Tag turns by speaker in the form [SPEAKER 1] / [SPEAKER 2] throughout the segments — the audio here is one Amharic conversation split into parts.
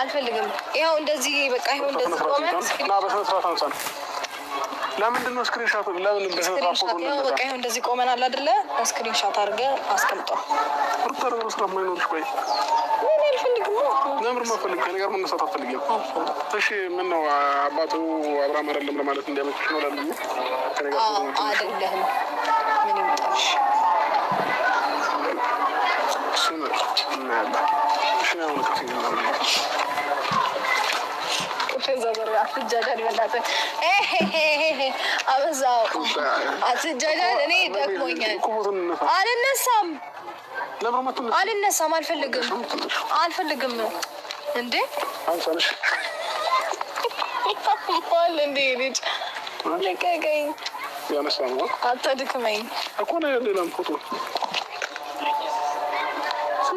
[SPEAKER 1] አልፈልግም። ይኸው እንደዚህ በቃ ይኸው እንደዚህ ቆመን
[SPEAKER 2] እና በስነ ስርዓት አንሳን ለምንድን ነው ስክሪንሻት? ለምን
[SPEAKER 1] በቃ ይኸው እንደዚህ ቆመን አለ አይደለ? ስክሪንሻት አድርገህ አስቀምጠው።
[SPEAKER 2] ቁርጠር ነው ስራ ማይኖርሽ። ቆይ ለምር ማፈልግ ከኔ መነሳት አትፈልጊም? እሺ ምን ነው አባቱ አብርሃም አይደለም ለማለት እንዲያመችሽ ነው። ለምን
[SPEAKER 1] ከኔ ጋር ምን ይምጣሽ ሲኖር አልነሳም፣ አልነሳም፣ አልፈልግም፣ አልፈልግም እንዴ ዋል እንዴ ልጅ ልቀቀኝ፣ አታድክመኝ።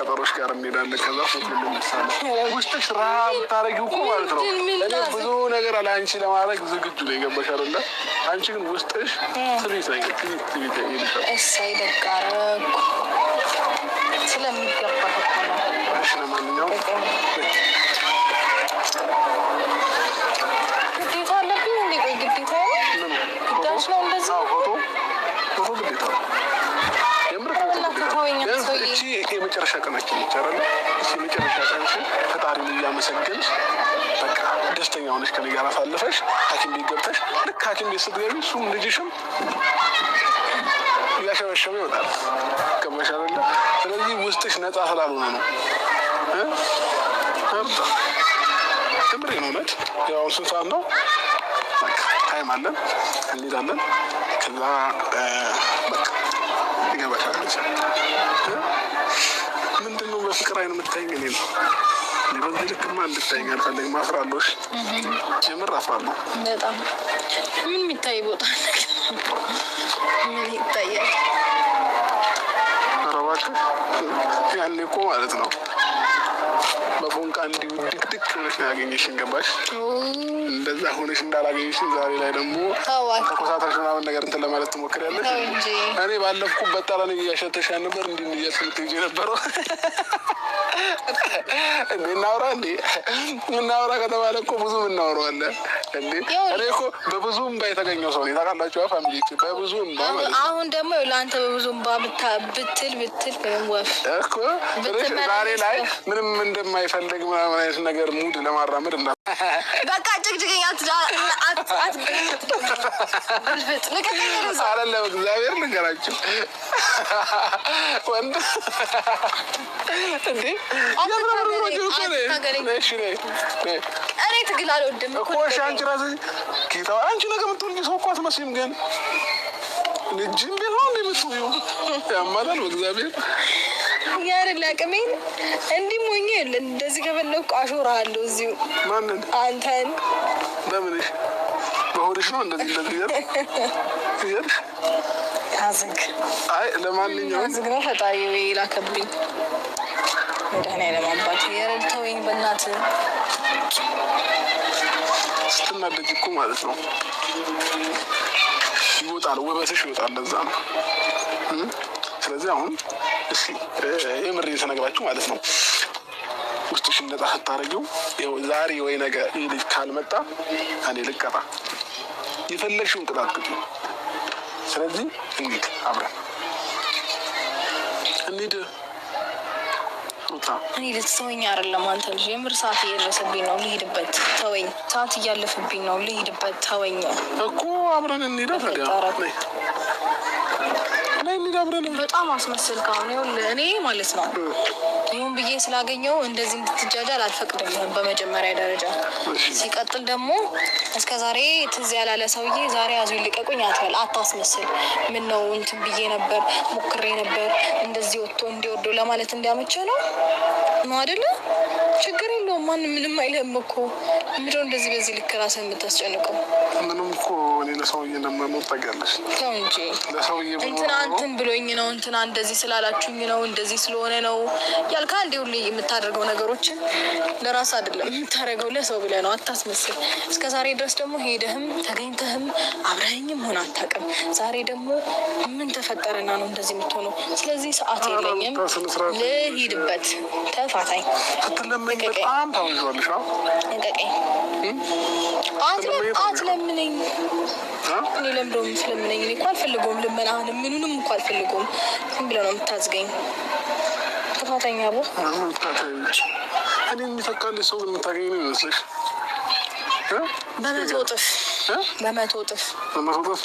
[SPEAKER 2] ከጠሮች ጋር እንሄዳለን። ከዛ ፎቶ ልንሳለ ውስጥሽ ረሃብ ታደረጊው እኮ ማለት ነው። እኔ ብዙ ነገር አለ አንቺ ለማድረግ ዝግጁ ነው የገባሽ አይደለ? አንቺ ግን ውስጥሽ ትቢት ትቢት ይልሻል።
[SPEAKER 1] እሰይ ስለሚገባ ለማንኛውም ግዴታ አለብኝ እንዴ? ቆይ ግዴታ
[SPEAKER 2] ነው ግዳሽ
[SPEAKER 1] ነው እንደዚህ
[SPEAKER 2] የመጨረሻ ቀናችን ይቻላል። እስ የመጨረሻ ቀንሽን ፈጣሪን እያመሰገን በቃ ደስተኛ ሆነች ከኔ ጋር አሳልፈሽ ሐኪም ቤት ገብተሽ ልክ ሐኪም ቤት ስትገቢ እሱም ልጅሽም እያሸበሸበ ይወጣል። ገባሽ ስለዚህ ውስጥሽ ነፃ ስላልሆነ ነው። ትምሬ ነው ነት ያው ስንት ሰዓት ነው? ታይም አለን፣ እንሄዳለን ከዛ ይገባሻል። ምንድን ነው በፍቅር አይን የምታይኝ? እኔ ነው በዚህ ልክማ እንድታይኝ አልፈለግም። አፍራለሁ፣ ጀምር አፍራለሁ።
[SPEAKER 1] በጣም ምን የሚታይ ቦታ ምን ይታያል?
[SPEAKER 2] ኧረ እባክህ ያኔ እኮ ማለት ነው በቦንቃ እንዲሁ ድቅድቅ ብለሽ ያገኘሽን። ገባሽ? እንደዛ ሆነሽ እንዳላገኘሽን ዛሬ ላይ ደግሞ ተኮሳተሽ ምናምን ነገር እንትን ለማለት ትሞክሪያለሽ። እኔ ባለፍኩ በጣላ እያሸተሻ ነበር እንዲህ እያስምትጅ ነበረው እንዴ እናውራ እንዴ ከተባለ እኮ ብዙ እናወራዋለን። እንዴ እኔ እኮ በብዙ እምባ የተገኘው ሰው ታውቃላችሁ። ፋሚሊ በብዙ እምባ
[SPEAKER 1] አሁን ደግሞ ለአንተ በብዙ እምባ ብትል ብትል ወፍ
[SPEAKER 2] እኮ ዛሬ ላይ ምንም እንደማይፈልግ ምናምን አይነት ነገር ሙድ ለማራመድ
[SPEAKER 1] በቃ ጭቅጭቅኝ አትአትአለም
[SPEAKER 2] እግዚአብሔር ወንድ
[SPEAKER 1] ትግል አልወድም እኮ
[SPEAKER 2] እሺ። አንቺ ጌታ አንቺ የምትሆን ሰው እኮ አትመስይም ግን ልጅ ያማላል በእግዚአብሔር
[SPEAKER 1] ያርል አቅሜን እንዲህ ሞኝ እንደዚህ ከፈለኩ አሾርሃለሁ እዚሁ። ማንን? አንተን።
[SPEAKER 2] በምንሽ? በሆድሽ ነው እንደዚህ እንደዚህ
[SPEAKER 1] እያልሽ አዝግ።
[SPEAKER 2] አይ ለማንኛውም
[SPEAKER 1] አዝግ ነው ፈጣሪ የላከብኝ መድኃኒዓለም አባት የረድተውኝ በእናትህ
[SPEAKER 2] ስትናደጅ እኮ ማለት ነው ይወጣል፣ ውበትሽ ይወጣል። ለዛ ነው ስለዚህ አሁን እሺ የምር ተነግራችሁ ማለት ነው ውስጥሽን ነጻ ስታደርጊው ዛሬ ወይ ነገ ይህ ልጅ ካልመጣ እኔ ልቀጣ የፈለግሽውን ቅጣት ቅጡ። ስለዚህ እንሂድ፣ አብረን እንሂድ።
[SPEAKER 1] እኔ ልትተወኝ አይደለም አንተ ልጅ፣ የምር ሰዓት እየደረሰብኝ ነው፣ ልሂድበት፣ ተወኝ። ሰዓት እያለፍብኝ ነው፣ ልሂድበት፣ ተወኝ
[SPEAKER 2] እኮ አብረን እንሂዳ ታዲያ ላይ የሚጋብረን በጣም አስመስል ከሆነ እኔ ማለት ነው
[SPEAKER 1] ይሁን ብዬ ስላገኘው እንደዚህ እንድትጃጃል አልፈቅድም። በመጀመሪያ ደረጃ ሲቀጥል ደግሞ እስከ ዛሬ ትዝ ያላለ ሰውዬ ዛሬ አዙ ይልቀቁኝ አትበል፣ አታስመስል። ምን ነው እንትን ብዬ ነበር ሞክሬ ነበር እንደዚህ ወጥቶ እንዲወርዱ ለማለት እንዲያመቸ ነው ነው አይደለም ችግር የለውም። ማን ምንም አይልህም እኮ ምድው እንደዚህ በዚህ ልክ ራስህን የምታስጨንቀው
[SPEAKER 2] ምንም እኮ እኔ ለሰውዬ ለመሞት ታውቂያለሽ። ተው እንጂ እንትና
[SPEAKER 1] እንትን ብሎኝ ነው እንትና እንደዚህ ስላላችሁኝ ነው እንደዚህ ስለሆነ ነው ያልከ እንዲ ሁሌ የምታደርገው ነገሮችን ለራስ አይደለም የምታደርገው ለሰው ብለህ ነው። አታስመስል። እስከ ዛሬ ድረስ ደግሞ ሄደህም ተገኝተህም አብረኸኝም ሆነ አታውቅም። ዛሬ ደግሞ ምን ተፈጠረና ነው እንደዚህ የምትሆነው? ስለዚህ ሰዓት የለኝም ልሂድበት፣ ተፋታኝ
[SPEAKER 2] በጣም ታውይዋለሽ።
[SPEAKER 1] አትለምነኝ። እኔ ለምደው ስለምነኝ እኔ እኮ አልፈልገውም። ልመናህን ምኑንም እኮ አልፈልገውም። ዝም ብለህ ነው የምታዝገኝ። ጥፋተኛ ቦ እኔ
[SPEAKER 2] ሰው የምታገኝ ይመስልሽ? በመቶ እጥፍ በመቶ እጥፍ በመቶ እጥፍ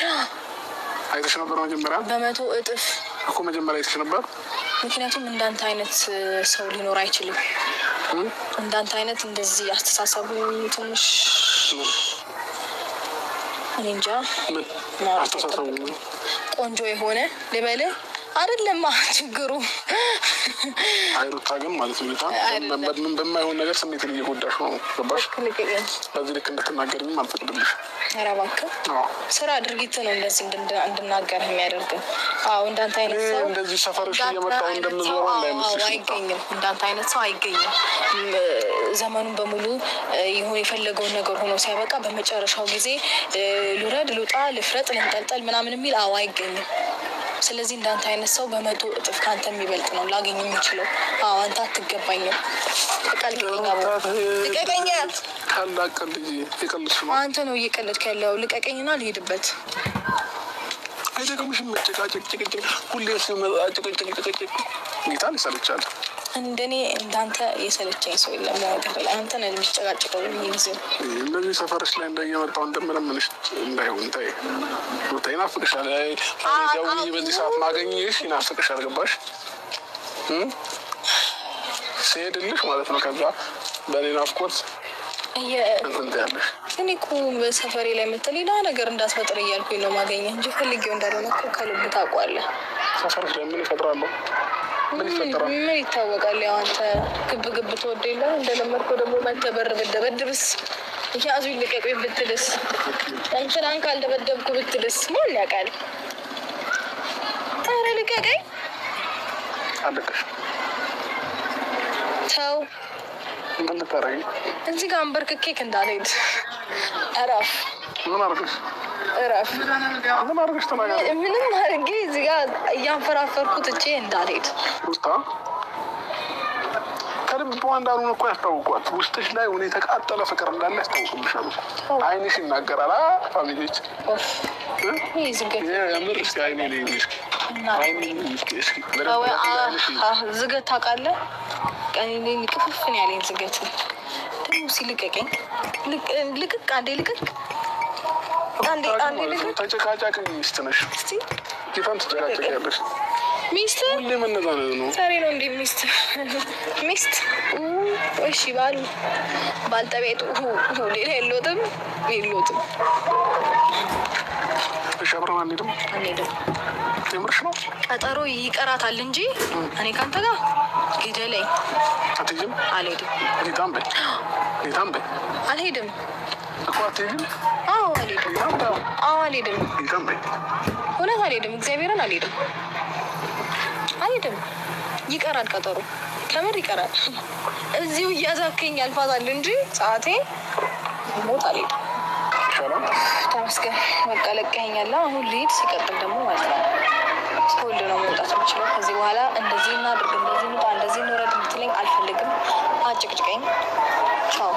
[SPEAKER 2] አይተሽ ነበር መጀመሪያ።
[SPEAKER 1] በመቶ እጥፍ
[SPEAKER 2] እኮ መጀመሪያ አይተሽ ነበር።
[SPEAKER 1] ምክንያቱም እንዳንተ አይነት ሰው ሊኖር አይችልም። እንዳንተ አይነት እንደዚህ አስተሳሰቡ ትንሽ እኔ እንጃ። ቆንጆ የሆነ ልበልህ አይደለማ ችግሩ
[SPEAKER 2] አይሩታ ግን ማለት ሁኔታ ምን በማይሆን ነገር ስሜትን እየጎዳሽ ነው። ገባሽ? በዚህ ልክ እንድትናገር አልፈቅድልሽ። ኧረ ስራ
[SPEAKER 1] ድርጊት ነው እንደዚህ እንድናገር የሚያደርግ አዎ እንዳንተ አይነት ሰው እንደዚህ
[SPEAKER 2] ሰፈርሽ እየመጣ እንደምዞረው
[SPEAKER 1] አይገኝም፣ እንዳንተ አይነት ሰው አይገኝም። ዘመኑን በሙሉ ይሁን የፈለገውን ነገር ሆኖ ሲያበቃ በመጨረሻው ጊዜ ልውረድ፣ ልውጣ፣ ልፍረጥ፣ ልንጠልጠል ምናምን የሚል አዎ አይገኝም። ስለዚህ እንዳንተ አይነት ሰው በመቶ እጥፍ ከአንተ የሚበልጥ ነው ላገኝ የሚችለው። አዎ አንተ አትገባኝም። ልቀቀኝ። አንተ ነው እየቀለድክ ያለው። ልቀቀኝና ልሄድበት
[SPEAKER 2] አይደግምሽም። ጭቃጭቅ ጭቅጭቅ ሁሌ ስመጣ ጭቅጭቅ ጭቅጭቅ ጌታን ይሰልቻል።
[SPEAKER 1] እንደኔ እንዳንተ የሰለቸኝ ሰው የለም። ነገር ላይ አንተ ነህ የሚጨቃጨቀው ጊዜ
[SPEAKER 2] እንደዚህ ሰፈርሽ ላይ እንደየመጣው እንደምለምንሽ እንዳይሆን ታይ ቦታ ይናፍቅሻል። ደውዬ በዚህ ሰዓት ማገኘሽ ይናፍቅሻል። ገባሽ? ሲሄድልሽ ማለት ነው። ከዛ በእኔ ናፍቆት
[SPEAKER 1] እኔ እኮ ሰፈሬ ላይ መተህ ሌላ ነገር እንዳትፈጥር እያልኩኝ ነው። ማገኘ እንጂ ፈልጌው እንዳልሆነ እኮ ከልብ ታውቀዋለህ።
[SPEAKER 2] ሰፈርሽ ላይ ምን እፈጥራለሁ?
[SPEAKER 1] ምን ይታወቃል? ያው አንተ ግብ ግብ ትወደ የለ እንደለመድከው ደግሞ መተበር ብደበድብስ ምክንያቱ ይልቀቁኝ ብትልስ እንትናን ካልደበደብኩ ብትልስ ማን ያውቃል? ኧረ ልቀቀኝ። ተው ምን ልታረጊ? እዚህ ጋር አንበርክኬክ እንዳልሄድ እረፍ። ምን አደረገሽ? እረፍ። ምንም አድርጌ እዚህ ጋ እያንፈራፈርኩት እጄ እንዳልሄድ
[SPEAKER 2] ከልቧ እንዳልሆነ እኮ ያስታውቋል። ውስጥሽ ላይ ሆነ የተቃጠለ ፍቅር እንዳለ ያስታውሱልሻል። አይንሽ ይናገራል። ፋሚሊዎች ምር አይኔ
[SPEAKER 1] ዝገት ታውቃለህ፣ ቀኔን ቅፍፍን ያለኝ ዝገት ደግሞ ሲልቀቀኝ ልቅቅ አንዴ ልቅቅ ተጨቃጫቂ እሺ ባሉ ባልተቤቱ ሌላ የለውጥም የለውጥም።
[SPEAKER 2] እሺ አብረን አንሄድም አንሄድም። የምርሽ ነው።
[SPEAKER 1] ቀጠሮ ይቀራታል እንጂ እኔ ከአንተ ጋር ግደለኝ። አትሄጂም? አልሄድም።
[SPEAKER 2] ጌታም በይ ጌታም በይ አልሄድም እኮ አትሄጂም አዎ
[SPEAKER 1] አልሄድም፣ እውነት አልሄድም፣ እግዚአብሔርን አልሄድም፣ አልሄድም። ይቀራል ቀጠሮ፣ ከምር ይቀራል። እዚሁ እያዛከኝ ያልፋታል እንጂ ሰዓቴ ሞት አልሄድም። ተመስገን በቃ ለቀኸኛል። አሁን ልሄድ ሲቀጥል ደግሞ ማለት ነው ስኮል ነው መውጣት የምችለው ከዚህ በኋላ እንደዚህ እናድርግ፣ እንደዚህ እንውጣ፣ እንደዚህ እንውረድ የምትለኝ አልፈልግም። አጭቅጭቀኝ። ቻው